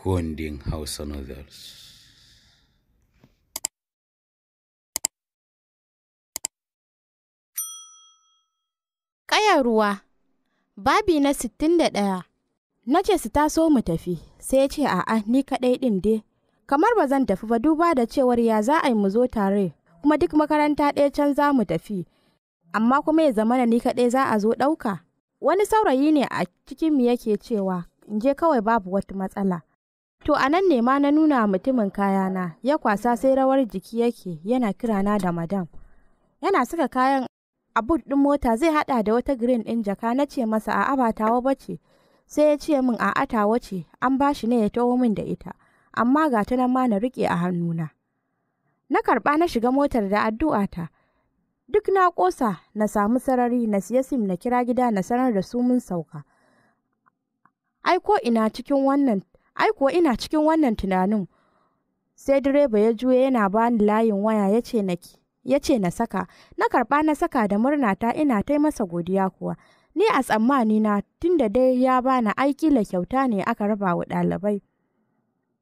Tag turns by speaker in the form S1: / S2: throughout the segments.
S1: kundin Hausa Novels.
S2: Kaya ruwa, babi na sittin da ɗaya. Na ce su taso mu tafi, sai ya ce a'a ni kaɗai ɗin dai. Kamar ba zan tafi ba duba da cewar ya za a yi mu zo tare, kuma duk makaranta ɗaya can za mu tafi. Amma kuma ya zamana ni kaɗai za a zo ɗauka. Wani saurayi ne a cikin mu yake cewa, in je kawai babu wata matsala. To a nan ne ma na nuna mutumin kayana, ya kwasa sai rawar jiki yake yana kirana da madam. Yana saka kayan a bud ɗin mota zai haɗa da wata green ɗin jaka na ce masa a'a ba tawa ba Sai ya ce min a'a tawa ce, an ba shi ne ya taho min da ita, amma ga ta nan ma na riƙe a hannuna. Na karɓa na shiga motar da addu'ata. Duk na ƙosa na samu sarari na siya sim na kira gida na sanar da su mun sauka. Ai ko ina cikin wannan ai kuwa ina cikin wannan tunanin sai direba ya juya yana bani layin waya ya ce ya ce na saka na karɓa na saka da murna ta ina ta masa godiya kuwa ni a tsammani na tunda dai ya bani aiki la kyauta ne aka raba wa ɗalibai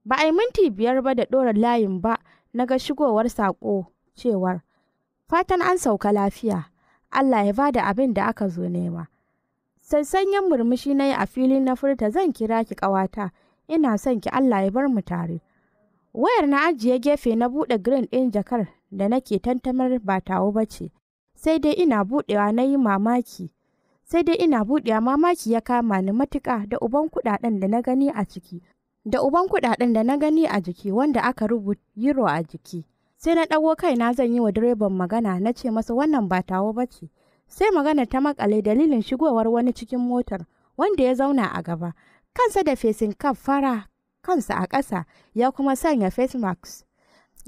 S2: ba a yi minti biyar ba da ɗora layin ba na ga shigowar sako cewar fatan an sauka lafiya Allah ya bada abin da aka zo nema sansanyen murmushi na yi a fili na furta zan kira ki ƙawata ina son ki Allah ya bar mu tare. Wayar na ajiye gefe na buɗe green ɗin jakar da nake tantamar ba tawo ba ce, sai dai ina buɗewa na yi mamaki. Sai dai ina buɗewa mamaki ya kama ni matuƙa da uban kuɗaɗen da na gani a ciki. Da uban kuɗaɗen da na gani a jiki wanda aka rubuta euro a jiki. Sai na ɗago kaina zan yi wa direban magana na ce masa wannan ba tawo ba ce. Sai magana ta makale dalilin shigowar wani cikin motar wanda ya zauna a gaba. kansa da fesin kaf fara kansa a ƙasa ya kuma sanya face mask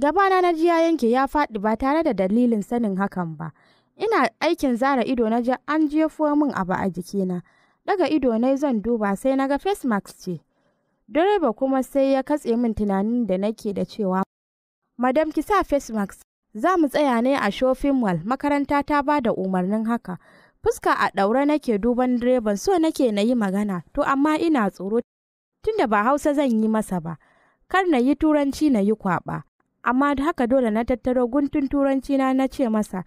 S2: gabana na ji ya yanke ya faɗi ba tare da dalilin sanin hakan ba ina aikin zara ido na ji an jefo min abu a jikina daga ido na zan duba sai na ga face mask ce direba kuma sai ya katse min tunanin da nake da cewa madam ki sa face mask za mu tsaya ne a shofin mall makaranta ta ba da umarnin haka fuska a ɗaure nake duban direban so nake na yi magana to amma ina tsoro tunda ba hausa zan yi masa ba kar na yi turanci na yi kwaɓa amma da haka dole na tattaro guntun turanci na na ce masa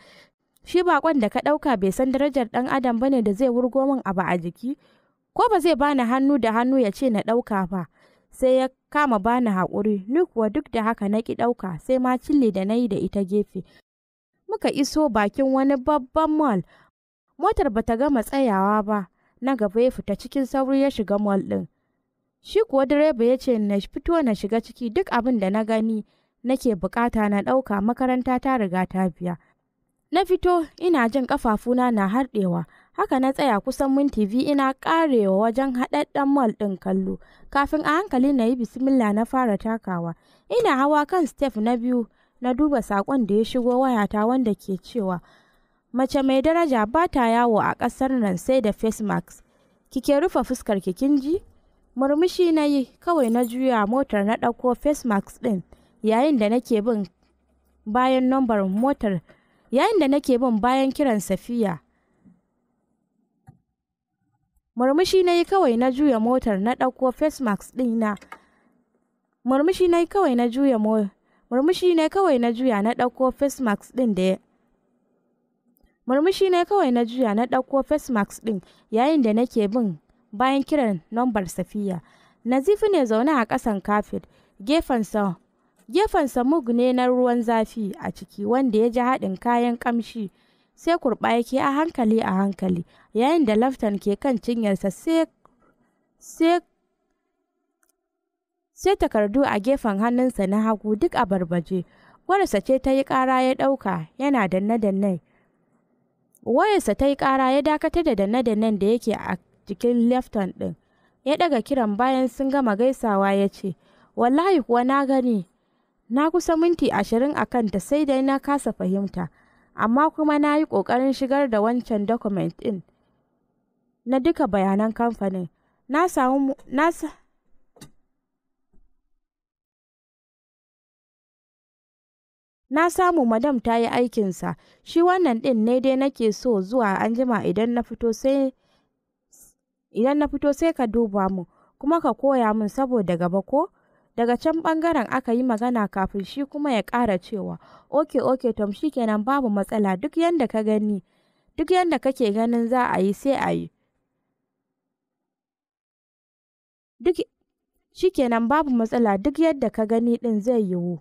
S2: shi baƙon da ka ɗauka bai san darajar ɗan adam bane da zai wurgo min abu a jiki ko ba zai bani hannu da hannu ya ce na ɗauka ba sai ya kama bani haƙuri ni kuwa duk da haka na ki ɗauka sai ma cille da na yi da ita gefe muka iso bakin wani babban mall Motar ba ta gama tsayawa ba, na gaba ya fita cikin sauri ya shiga mall ɗin. Shi kuwa direba ya ce na fito na shiga ciki duk abin da na gani nake bukata na ɗauka makaranta ta riga ta biya. Na fito ina jin ƙafafuna na harɗewa, haka na tsaya kusan minti biyu ina ƙarewa wajen haɗaɗɗen mall ɗin kallo, kafin a hankali na yi bismillah na fara takawa. Ina hawa kan step na biyu na duba saƙon da ya shigo wayata wanda ke cewa mace mai daraja ba ta yawo a ƙasar nan sai da face mask kike rufe fuskar kin ji murmushi na yi kawai na juya motar na ɗauko face mask ɗin yayin da nake bin bayan nambar motar yayin da nake bin bayan kiran safiya murmushi na yi kawai na juya motar na ɗauko face mask na murmushi na yi kawai na juya murmushi na kawai na juya na ɗauko face mask ɗin da Murmushi ne kawai na juya na ɗauko face mask ɗin yayin da nake bin bayan kiran nambar Safiya. Nazifi ne zaune a ƙasan kafin gefensa gefensa mug ne na ruwan zafi a ciki wanda ya ji haɗin kayan ƙamshi sai kurɓa yake a hankali a hankali yayin da laftan ke kan cinyarsa sai takardu a gefen hannunsa na hagu duk a barbaje. warsa ce ta yi ƙara ya ɗauka yana danne-danne wayarsa ta yi kara ya dakatar da danne-dannen da yake a jikin lefton din ya ɗaga kiran bayan sun gama gaisawa ya ce wallahi kuwa na gani na kusa minti ashirin a kanta sai dai na kasa fahimta amma kuma na yi ƙoƙarin shigar da wancan dokument ɗin na duka bayanan kamfanin na samu Na samu madam ta yi aikinsa, shi wannan ɗin ne dai nake so zuwa anjima idan na fito sai idan na fito sai ka duba mu kuma ka koya min saboda gaba ko daga can bangaren aka yi magana kafin shi kuma ya ƙara cewa oke oke tom shi kenan babu matsala duk yanda ka gani duk yanda kake ganin za a yi sai a yi shi kenan babu matsala duk yadda ka gani din zai yiwu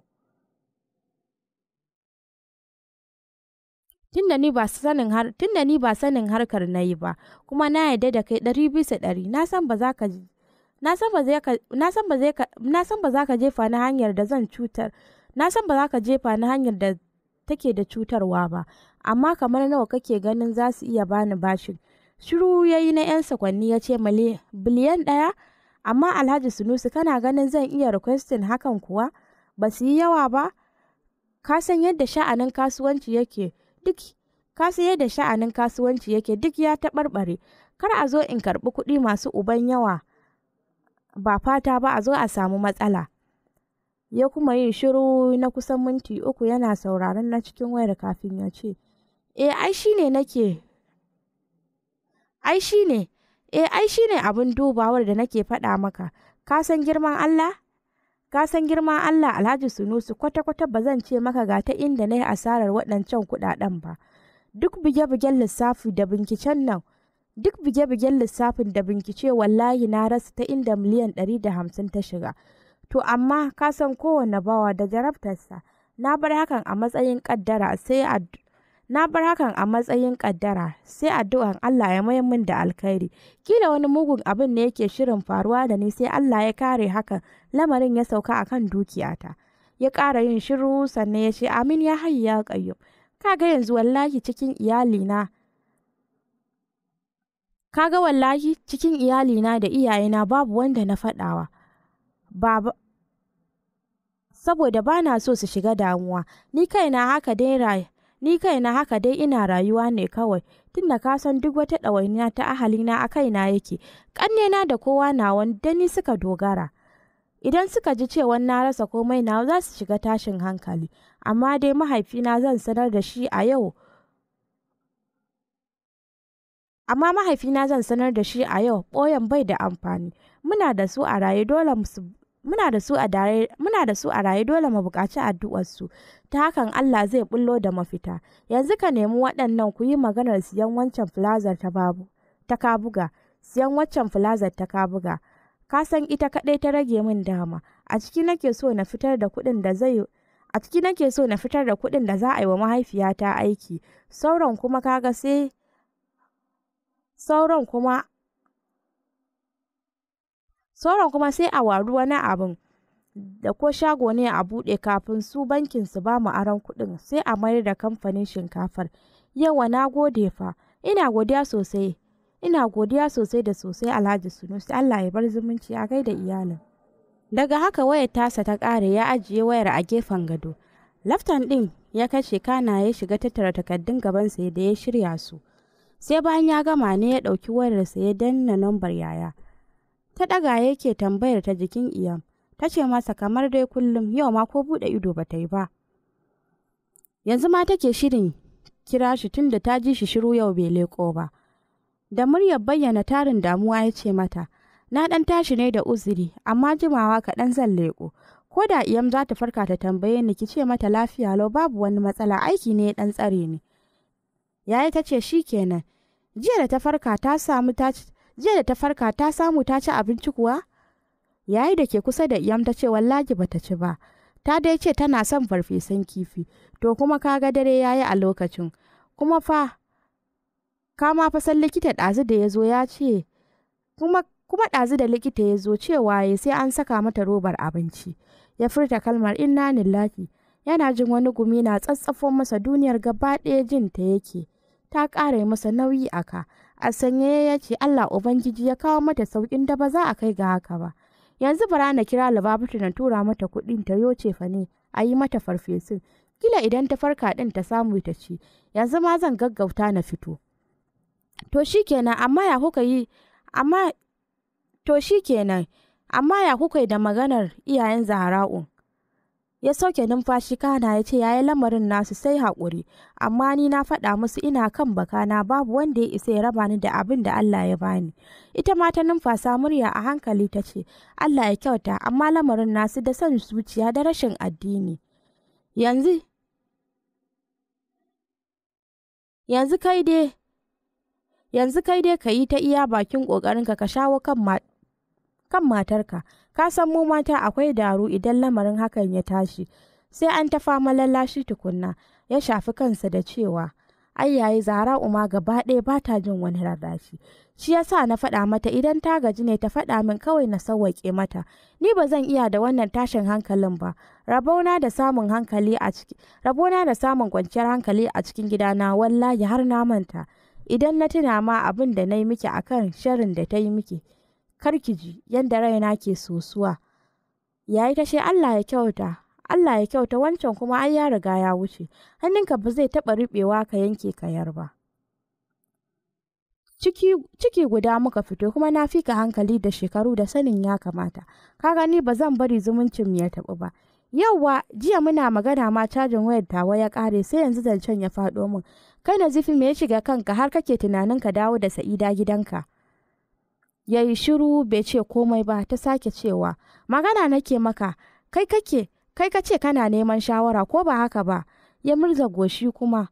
S2: tunda ni ba sanin har tunda ni ba sanin harkar nayi ba kuma na yarda da kai ɗari bisa ɗari na san ba za ka jefa na hanyar da zan cutar na san ba za ka jefa na hanyar da take da cutarwa ba amma kamar nawa kake ganin za su iya bani bashin shiru ya yi na 'yan sakwanni ya ce biliyan ɗaya amma alhaji sunusi kana ganin zan iya requesting hakan kuwa ba su yi yawa ba kasan yadda sha'anin kasuwanci yake duk kasiye da sha'anin kasuwanci yake duk ya taɓarɓare kar a zo in karɓi kuɗi masu uban yawa ba fata ba a zo a samu matsala ya kuma yi shiru na kusan minti uku yana sauraron na cikin wayar kafin ya ce e ai shi ne nake ai shi ne e eh, ai shi ne abin dubawar da nake faɗa maka ka san girman Allah Ka san girma Allah Alhaji Sunusu kwata-kwata ba zan ce maka ga ta inda na yi asarar waɗancan kuɗaɗen ba. Duk buge bigen lissafi da binkicen nan, duk buge-bugen lissafin da binkice wallahi na rasa ta inda miliyan ɗari da hamsin ta shiga. To amma ka san kowane bawa da jarabtarsa, na bar hakan a matsayin ƙaddara sai Na bar hakan a matsayin kaddara sai addu'an Allah ya mayar min da alkhairi. Kila wani mugun abin ne yake shirin faruwa da ni sai Allah ya kare hakan, lamarin ya sauka akan dukiyata. Ya ƙara yin shiru sannan ya ce amin ya hayi ya ƙayyum. Kaga yanzu wallahi cikin iyalina Kaga wallahi cikin iyalina da iyayena babu wanda na faɗawa. Baba saboda bana so su shiga damuwa ni kaina haka dai Ni kaina haka dai ina rayuwa ne kawai, tun da kasan duk wata ɗawainiya ta ahalina a kaina yake, ƙannena da kowa na wanda ni suka dogara. Idan suka ji cewa na rasa komai na za su shiga tashin hankali, amma dai mahaifina zan sanar da shi a yau. Amma mahaifina zan sanar da shi a yau, bai da amfani, muna da su a raye dole su muna da su a raye dole mu buƙaci addu'arsu ta hakan Allah zai bullo da mafita yanzu ka nemi waɗannan ku yi maganar siyan wancan filazar ta babu ta kabuga siyan waccan filazar ta kabuga ka san ita kaɗai ta rage min dama a ciki nake so na fitar da kuɗin da zai a ciki nake so na fitar da kuɗin da za a yi wa mahaifiyata aiki sauran kuma kaga sai sauran kuma sauran kuma sai a waru wani abin da ko shago ne a buɗe kafin su bankin su ba mu aron kuɗin sai a mayar da kamfanin shinkafar yawa na gode fa ina godiya sosai ina godiya sosai da sosai alhaji sunusi allah ya bar zumunci a kai da iyalin daga haka wayar tasa ta ƙare ya ajiye wayar a gefen gado laftan ɗin ya kashe kana ya shiga tattara takardun gabansa da ya shirya su sai bayan ya gama ne ya ɗauki wayarsa ya danna nambar yaya ta ɗaga yake tambayar ta jikin iyam ta ce masa kamar dai kullum yau ma ko buɗe ido ba ta yi ba yanzu ma take shirin kira shi tun da ta ji shi shiru yau bai leko ba da muryar bayyana tarin damuwa ya ce mata na ɗan tashi ne da uzuri amma jimawa kaɗan zan leko ko da iyam za ta farka ta tambaye ni ki ce mata lafiya lau babu wani matsala aiki ne ɗan tsare ni yayi ta ce kenan jiya da ta farka ta samu ta jiya da ta farka ta samu ta ci abinci kuwa yayi da ke kusa da iyam ta ce wallahi bata ci ba ta dai ce tana son farfesan kifi to kuma kaga dare yayi a lokacin kuma fa ka ma fa san likita ɗazu da ya ya ce kuma kuma dazu da likita ya cewa ya sai an saka mata robar abinci ya furta kalmar inna lillahi yana jin wani gumi na tsatsafon masa duniyar gaba ɗaya jin ta yake ta ƙara masa nauyi aka a sanye ce Allah Ubangiji ya kawo mata saukin da ba za a kai ga haka ba. Yanzu bara na kira Lubabatu na tura mata kuɗin ta yoce fa ne a yi mata farfesun. Kila idan ta farka ɗin ta samu ta ci, yanzu ma zan gaggauta na fito. To shi kenan amma ya kuka yi amma to shi kenan amma ya kuka yi da maganar iyayen Zahra'u. ya sauke numfashi kana ya ce yayi lamarin nasu sai haƙuri amma ni na faɗa musu ina kan bakana babu wanda ya isa ya raba ni da abin da Allah ya bani ita ma ta numfasa murya a hankali ta ce Allah ya kyauta amma lamarin nasu da son zuciya da rashin addini yanzu yanzu kai dai yanzu kai dai ka yi ta iya bakin ƙoƙarinka ka shawo kan kan matarka, ka san mu mata akwai daru idan lamarin hakan ya tashi, sai an ta fama lallashi tukunna, ya shafi kansa da cewa, ai yayi zara uma gaba ɗaya ba ta jin wani rarrashi. Shi ya sa na faɗa mata idan ta gaji ne ta faɗa min kawai na sawwaƙe mata, ni ba zan iya da wannan tashin hankalin ba, rabona da samun hankali a ciki, rabona da samun kwanciyar hankali a cikin gidana wallahi har na manta. idan na tuna ma abin da na yi miki akan shirin da ta yi miki kar ki ji yadda raina ke sosuwa. Yayi ta tashe Allah ya kyauta, Allah ya kyauta wancan kuma ai ya riga ya wuce, hannunka ba zai taɓa riɓewa ka yanke kayar ba. Ciki, guda muka fito kuma na fi ka hankali da shekaru da sanin ya kamata, ka gani ba zan bari zumuncin ya taɓa ba. Yauwa, jiya muna magana ma cajin wayar tawa ya kare sai yanzu zancen ya faɗo min. Kai na zifi me ya shiga kanka har kake tunanin ka dawo da sa'ida gidanka. ya yi shiru bai ce komai ba ta sake cewa magana nake maka kai kake kai ka ce kana neman shawara ko ba haka ba ya murza goshi kuma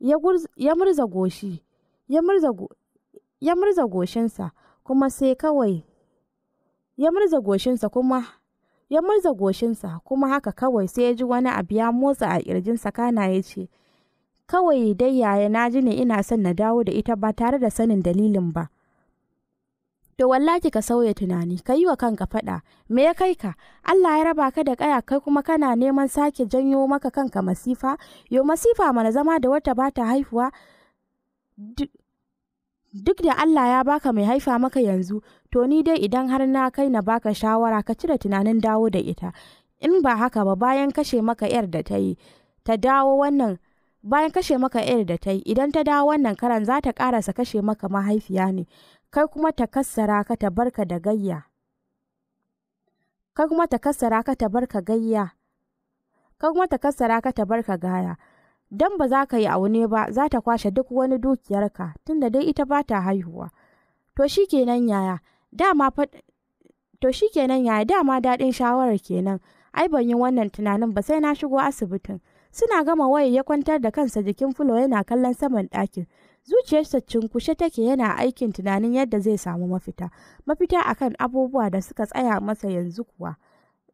S2: ya murza goshi ya murza goshinsa kuma sai kawai ya murza goshinsa kuma ya murza goshinsa kuma haka kawai sai ya ji wani abu ya motsa a kirjinsa kana ya ce kawai dai yaya na ji ne ina son na dawo da ita ba tare da sanin dalilin ba to wallahi ka sauya tunani ka yi wa kanka faɗa me ya kai ka Allah ya raba ka da kaya kai kuma kana neman sake janyo maka kanka masifa yo masifa mana zama da wata bata ta haifuwa duk da Allah ya baka mai haifa maka yanzu to ni dai idan har na kai na baka shawara ka cire tunanin dawo da ita in ba haka ba bayan kashe maka yar da ta yi ta dawo wannan bayan kashe maka yar da ta yi idan ta dawo wannan karan za ta karasa kashe maka mahaifiya ne kai kuma ta kassara ka ta barka da gayya kai kuma ta kassara ka ta barka gayya kai kuma ta kassara ka ta barka gaya dan ba za ka yi aune ba za ta kwashe duk wani dukiyarka tunda dai ita ba ta haihuwa to kenan yaya dama fa to kenan yaya dama daɗin shawarar kenan ai ban yi wannan tunanin ba sai na shigo asibitin suna gama waye ya kwantar da kansa jikin fulo yana kallon saman ɗakin zuciyarsa cinkushe take yana aikin tunanin yadda zai samu mafita mafita akan abubuwa da suka tsaya masa yanzu kuwa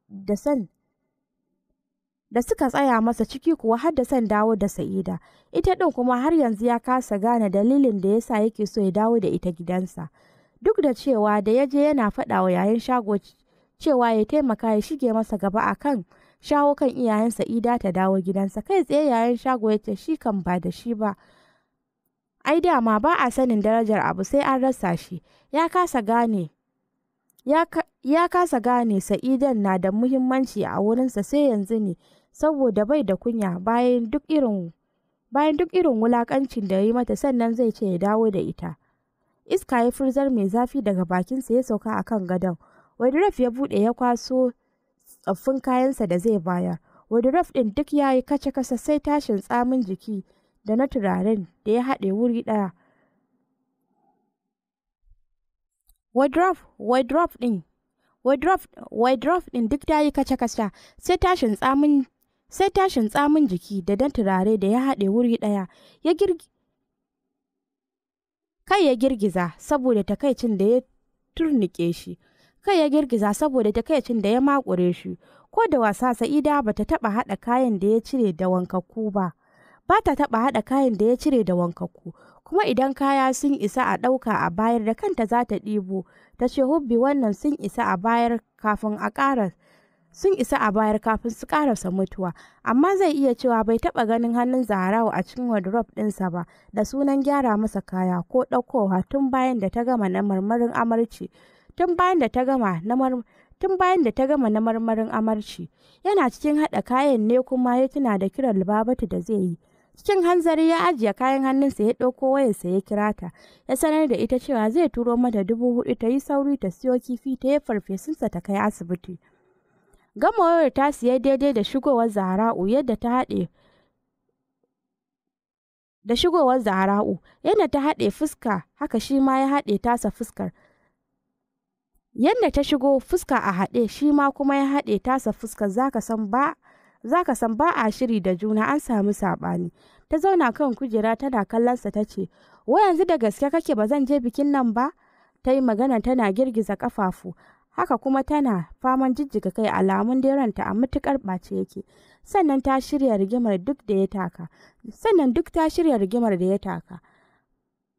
S2: da san da suka tsaya masa ciki kuwa har da son dawo da Sa'ida. Ita ɗin kuma har yanzu ya kasa gane dalilin da yasa yake so ya dawo da ita gidansa. Duk da cewa da ya je yana faɗa wa yayin shago cewa ya taimaka ya shige masa gaba a kan shawo kan iyayen Sa'ida ta dawo gidansa kai tsaye yayin shago ya ce shi kan ba da shi ba. Ai dama ba a sanin darajar abu sai an rasa shi, ya kasa gane ya kasa gane Sa'idan na da muhimmanci a wurinsa sai yanzu ne saboda bai da kunya bayan duk irin bayan duk irin wulakancin da ya yi mata sannan zai ce ya dawo da ita. Iska ya furzar mai zafi daga bakinsa ya sauka a kan gadon. Wadiraf ya bude ya kwaso tsaffin kayansa da zai bayar. Wadiraf ɗin duk yayi yi kace kasa sai tashin tsamin jiki da na turaren da ya haɗe wuri ɗaya. Wadrof, wadrof ɗin, wadrof, wadrof ɗin duk ta yi kaca-kaca sai tashin tsamin sai tashin tsamin jiki da dan turare da ya haɗe wuri ɗaya ya girgi kai ya girgiza saboda takaicin da ya turnike shi kai ya girgiza saboda takaicin da ya makure shi ko da wasa sa'ida ba ta taɓa haɗa kayan da ya cire da wankakku ba ba taɓa haɗa kayan da ya cire da wankaku kuma idan kaya sun isa a ɗauka a bayar da kanta za ta ɗibo ta ce hubbi wannan sun isa a bayar kafin a ƙara sun isa a bayar kafin su ƙarasa mutuwa amma zai iya cewa bai taɓa ganin hannun zaharau a cikin wardrobe ɗinsa ba da sunan gyara masa kaya ko ɗaukowa tun bayan da ta gama na marmarin amarci tun bayan da ta gama na marmarin amarci yana cikin haɗa kayan ne kuma ya tuna da kiran libabatu da zai yi Cikin hanzari ya ajiye kayan hannunsa ya ɗauko wayarsa ya kira ta, ya sanar da ita cewa zai turo mata dubu hudu ta yi sauri ta siyo kifi ta ya yi farfesunsa ta kai asibiti. Gama wayar ta siya daidai da shigowar Zahra'u yadda ta haɗe da shigowar Zahra'u yadda ta haɗe fuska haka shi ma ya haɗe tasa fuskar. Yadda ta shigo fuska a haɗe shi ma kuma ya haɗe tasa fuskar zaka san ba za ka san ba a shiri da juna an samu saɓani ta zauna kan kujera tana kallonsa ta ce wa yanzu da gaske kake ba zan je bikin nan ba ta yi magana tana girgiza kafafu haka kuma tana faman jijjiga kai alamun deranta a matukar ɓace yake sannan ta shirya rigimar duk da ya taka sannan duk ta shirya rigimar da ya taka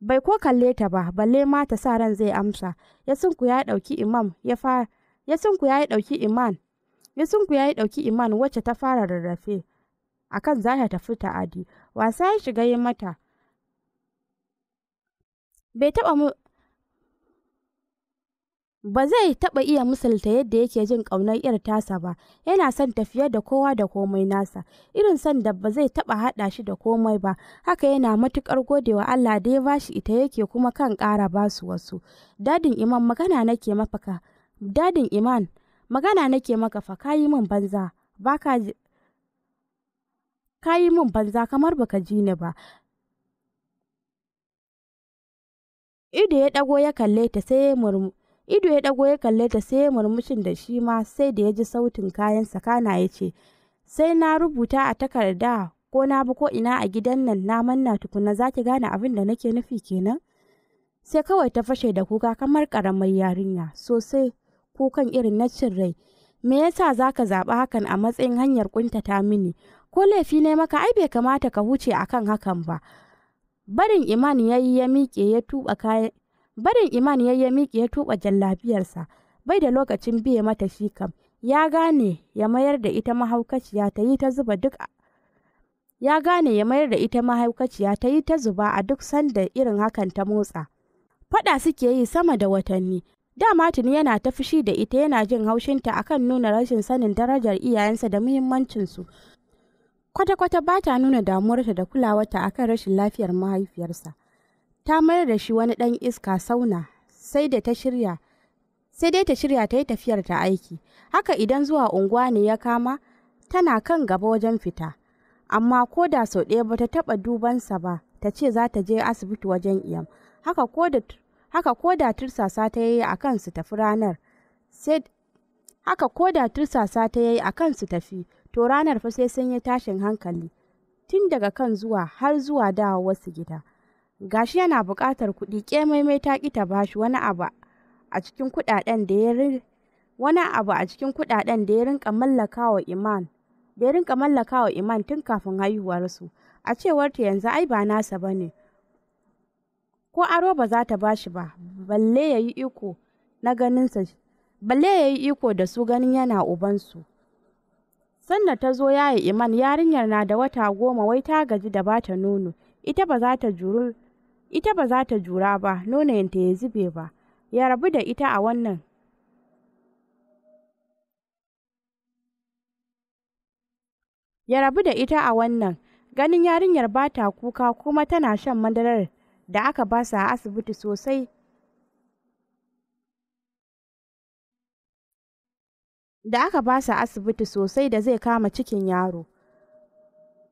S2: bai ko kalle ta ba balle ma ta sa ran zai amsa ya sunku ya ɗauki imam ya fa ya sunku ya ɗauki iman Yusunku ya yi ɗauki Iman wacce ta fara rarrafe kan za ta tafi ta'adi. Wasa ya shiga yi mata. ba zai taɓa iya misalta yadda yake jin ƙaunar ‘yar tasa ba, yana son tafiya da kowa da komai nasa, irin son da ba zai taɓa haɗa shi da komai ba, haka yana matuƙar godewa Allah da ya ba shi ita yake kuma kan ƙara ba su wasu. Dadin Iman magana nake mafaka, dadin Iman magana nake maka fa kayi min banza ba ka kayi min banza kamar baka ji ni ba ido ya dago ya kalle ta sai murmu ido ya dago ya kalle ta sai murmushin da shi ma sai da ya ji sautin kayan sakana ya ce sai na rubuta a takarda ko na bi ko ina a gidan nan na manna tukunna za ki gane abin da nake nufi kenan sai kawai ta fashe da kuka kamar karamar yarinya sosai kukan irin na cin rai me yasa zaka zaɓi hakan a matsayin hanyar kuntata mini ko laifi ne maka ai bai kamata ka huce akan hakan ba barin iman yayi ya miƙe ya tuba kaya barin iman yayi ya miƙe ya tuba jallabiyarsa bai da lokacin biye mata shi kam ya gane ya mayar da ita mahaukaciya ta yi ta zuba duk ya gane ya mayar da ita mahaukaciya ta yi ta zuba a duk sanda irin hakan ta motsa faɗa suke yi sama da watanni da tuni yana ta fushi da ita yana jin haushin ta akan nuna rashin sanin darajar iyayensa da muhimmancinsu. Kwata-kwata ba ta nuna damuwarta da kulawarta akan rashin lafiyar mahaifiyarsa. Ta mayar da shi wani ɗan iska sauna sai da ta shirya sai dai ta shirya ta yi tafiyar ta aiki. Haka idan zuwa unguwa ne ya kama tana kan gaba wajen fita. Amma ko da sau ɗaya ba ta taɓa dubansa ba ta ce za ta je asibiti wajen iyam. Haka ko da haka ko da tursasa ta yi a kan su tafi ranar haka ko da tursasa ta yi a kan tafi to ranar fa sai sun yi tashin hankali tun daga kan zuwa har zuwa da wasu gida gashi yana buƙatar kuɗi kemaimai ta ƙi bashi wani abu a cikin kuɗaɗen da ya wani abu a cikin kuɗaɗen da ya rinka mallaka iman da ya rinka mallaka iman tun kafin haihuwarsu a cewar ta yanzu ai ba nasa bane ko aro ba za ta bashi ba balle ya yi iko na ganinsa balle ya yi iko da su ganin yana ubansu sannan ta zo yayi iman yarinyar na da wata goma wai ta gaji da bata nono ita ba za ta juru ita ba za ta jura ba ta ya zube ba ya rabu da ita a wannan ya rabu da ita a wannan ganin yarinyar ba ta kuka kuma tana shan madarar da aka ba su a asibiti sosai da aka ba su asibiti sosai da zai kama cikin yaro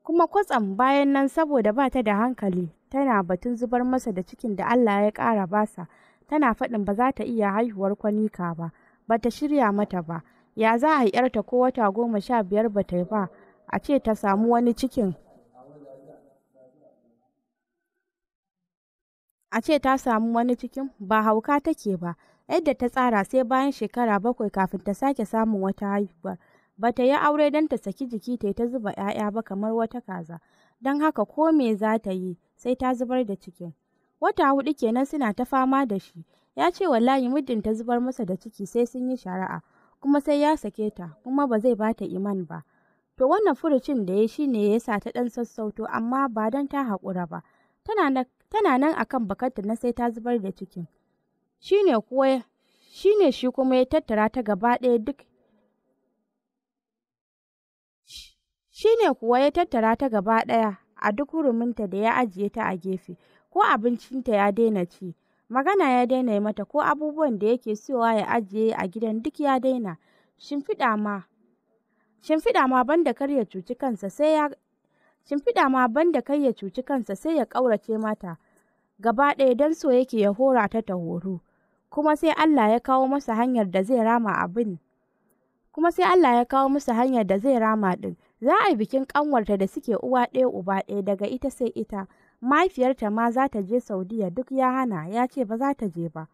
S2: kuma kwatsam bayan nan saboda ba ta da hankali tana batun zubar masa da cikin da Allah ya ƙara basa tana faɗin ba za ta iya haihuwar kwanika ba ba ta shirya mata ba ya za a yarta ko wata goma sha biyar ba ta yi ba a ce ta samu wani cikin a ce ta samu wani cikin ba hauka take ba yadda ta tsara sai bayan shekara bakwai kafin ta sake samun wata haihuwar bata yi aure don ta saki jiki ta ta zuba 'ya'ya ba kamar wata kaza don haka ko me za ta yi sai ta zubar da cikin wata hudu kenan suna ta fama da shi ya ce wallahi muddin ta zubar masa da ciki sai sun yi shari'a kuma sai ya sake ta kuma ba zai bata iman ba to wannan furucin da ya shi ne ya sa ta dan sassauto amma ba don ta haƙura ba tana na tana nan akan bakarta na sai ta zubar da cikin. Shi ne kuwa shi ne shi kuma ya tattara ta gaba ɗaya duk shi ne kuwa ya tattara ta gaba ɗaya a duk huruminta da ya ajiye ta a gefe ko abincinta ya daina ci magana ya daina yi mata ko abubuwan da yake siyowa ya ajiye a gidan duk ya daina shimfiɗa ma shimfiɗa ma banda kar ya cuci kansa sai ya shimfiɗa ma banda kai ya cuci kansa sai ya ƙaurace mata gaba ɗaya don so yake ya hora ta ta horo kuma sai Allah ya kawo masa hanyar da zai rama abin kuma sai Allah ya kawo masa hanyar da zai rama ɗin za a yi bikin ƙanwarta da suke uwa ɗaya uba ɗaya daga ita sai ita mahaifiyarta ma za ta je Saudiya duk ya hana ya ce ba za ta je ba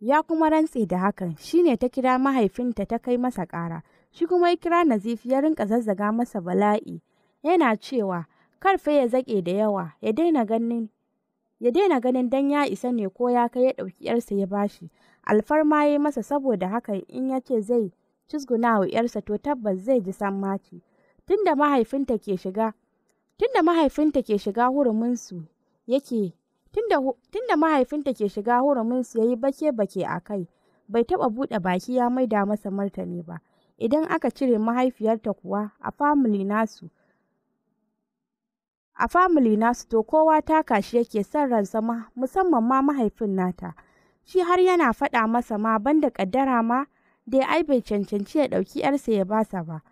S2: ya kuma rantse da hakan shine ta kira mahaifinta ta kai masa ƙara shi kuma ya kira Nazifi ya rinka zazzaga masa bala'i yana cewa karfe ya zaƙe da yawa ya daina ganin ya daina ganin dan ya isa ne ko ya kai ya ɗauki ‘yarsa ya bashi alfarma ya masa saboda haka in ya ce zai cizguna wa ‘yarsa to tabbas zai ji sammaci tunda mahaifinta ke shiga tunda mahaifinta ke shiga huruminsu yake tunda mahaifinta ke shiga huruminsu ya yi bake-bake a kai bai taɓa buɗe baki ya maida masa martani ba idan aka cire mahaifiyarta kuwa a famili nasu A famili nasu to kowa ta kashi yake son ransa ma musamman ma mahaifin nata. Shi har yana faɗa masa ma banda ƙaddara ma dai ai bai cancanci ya ɗauki ‘yarsa ya sa ba.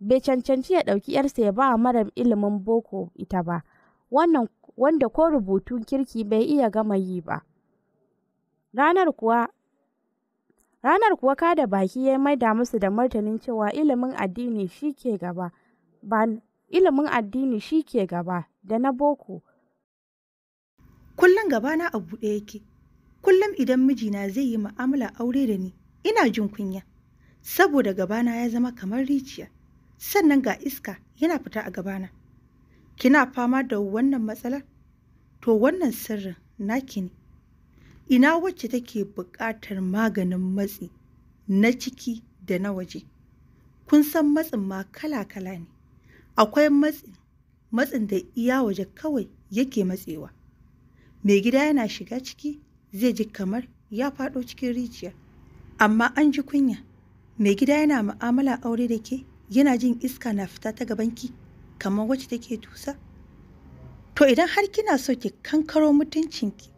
S2: Bai cancanci ya ɗauki ‘yarsa ya ba wa ilimin boko ita ba. Wannan wanda ko rubutun kirki bai iya gama yi ba. Ranar kuwa Ranar kuwa kada baki ya maida musu da martanin cewa ilimin addini shi ke gaba, ba ilimin addini
S1: shi ke gaba da na boko. Kullum gabana a buɗe yake, kullum idan mijina zai yi mu'amala aure da ni, ina jin kunya, saboda gabana ya zama kamar rijiya, sannan ga iska yana fita a gabana. Kina fama da wannan matsalar? To wannan sirrin naki ne. Ina wacce take buƙatar maganin matsi na ciki da na waje. Kun san matsin ma kala-kala ne. akwai matsin da iya waje kawai yake matsewa mai gida yana shiga ciki zai ji kamar ya faɗo cikin rijiya amma an ji kunya mai gida yana ma'amala aure da ke yana jin iska na fita ta gabanki kamar wacce take tusa to idan har kina so ki kankaro mutuncinki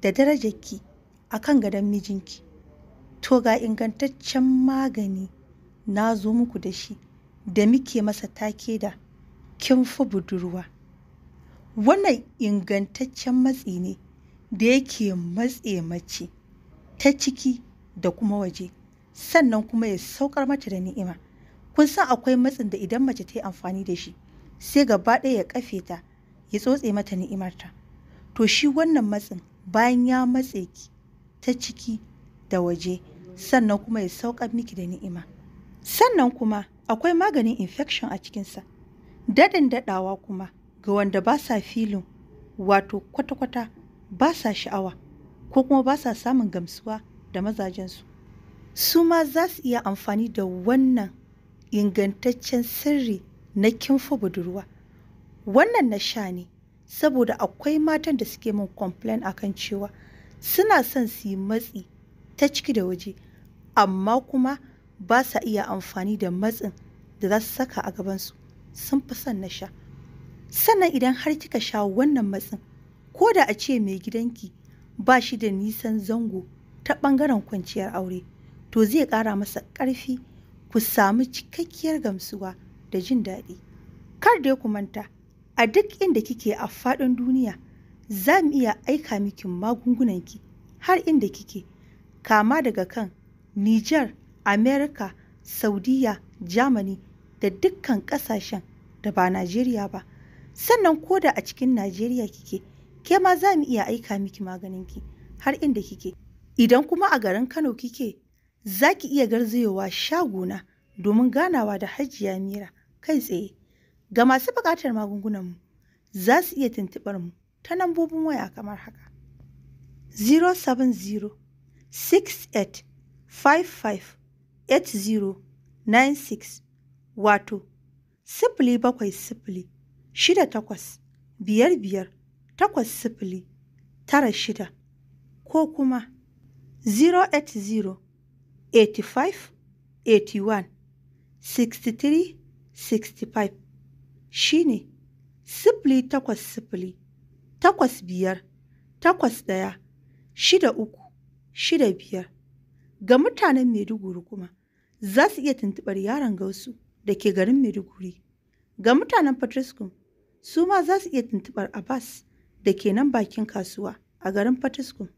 S1: da darajarki a kan gadon mijinki to ga ingantaccen magani na zo muku da shi da muke masa take da kin fi budurwa wannan ingantaccen matsi ne da yake matse mace ta ciki da kuma waje sannan kuma ya saukar mata da ni'ima kun san akwai matsin da idan mace ta yi amfani da shi sai gaba ɗaya ya kafe ta ya tsotse mata ni'imarta to shi wannan matsin bayan ya matse ki ta ciki da waje sannan kuma ya saukar miki da ni'ima sannan kuma akwai maganin infection a cikinsa daɗin daɗawa kuma ga wanda ba sa filin wato kwata-kwata ba sa sha'awa ko kuma ba sa samun gamsuwa da mazajensu su ma za su iya amfani da wannan ingantaccen sirri na kimfa budurwa wannan na sha ne saboda akwai matan da suke min complain kan cewa suna son su yi matsi ta ciki da waje amma kuma ba sa iya amfani da matsin da za su saka a gabansu sun fi son na sha sannan idan har kika sha wannan matsin ko da a ce mai gidanki ba shi da nisan zango ta ɓangaren kwanciyar aure to zai ƙara masa ƙarfi ku samu cikakkiyar gamsuwa da jin daɗi kar da ya kumanta, a duk inda kike a faɗin duniya za mu iya aika miki magungunanki har inda kike kama daga kan Nijar Amerika, Saudiyya, Jamani da dukkan ƙasashen da ba Najeriya ba. Sannan ko da a cikin Najeriya kike, ke ma za mu iya aika miki maganin ki, har inda kike. Idan kuma a garin Kano kike, za ki iya garzayowa shaguna domin ganawa da Hajiya Mira kai tsaye. Ga masu buƙatar magungunanmu, za su iya tuntuɓar mu ta lambobin waya kamar haka. 070 8096 wato, sifili bakwai sifili shida takwas biyar biyar takwas sifili tara shida ko kuma 08085816365 shi ne sifili takwas sifili takwas biyar takwas ɗaya shida uku shida biyar ga mutanen Maiduguri kuma za su iya tuntuɓar yaron Gausu da ke garin Maiduguri. Ga mutanen Fataskum, su ma za su iya tuntuɓar Abbas da ke nan bakin kasuwa a garin Fataskum.